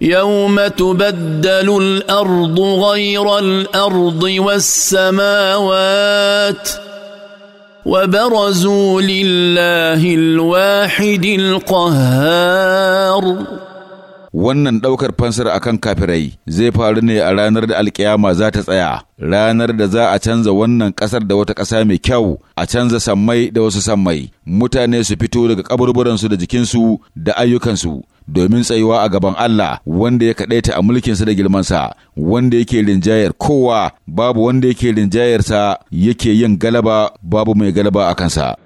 يوم تبدل الارض غير الارض والسماوات وبرزوا لله الواحد القهار wannan ɗaukar fansar akan kafirai zai faru ne a ranar da alkiyama za ta tsaya ranar da za a canza wannan ƙasar da wata ƙasa mai kyau a canza sammai da wasu sammai mutane su fito daga kaburburansu da jikinsu da ayyukansu domin tsayuwa a gaban Allah wanda ya kaɗaita a mulkinsa da girmansa wanda yake rinjayar kowa babu wanda yake rinjayarsa yake yin galaba babu mai galaba a kansa.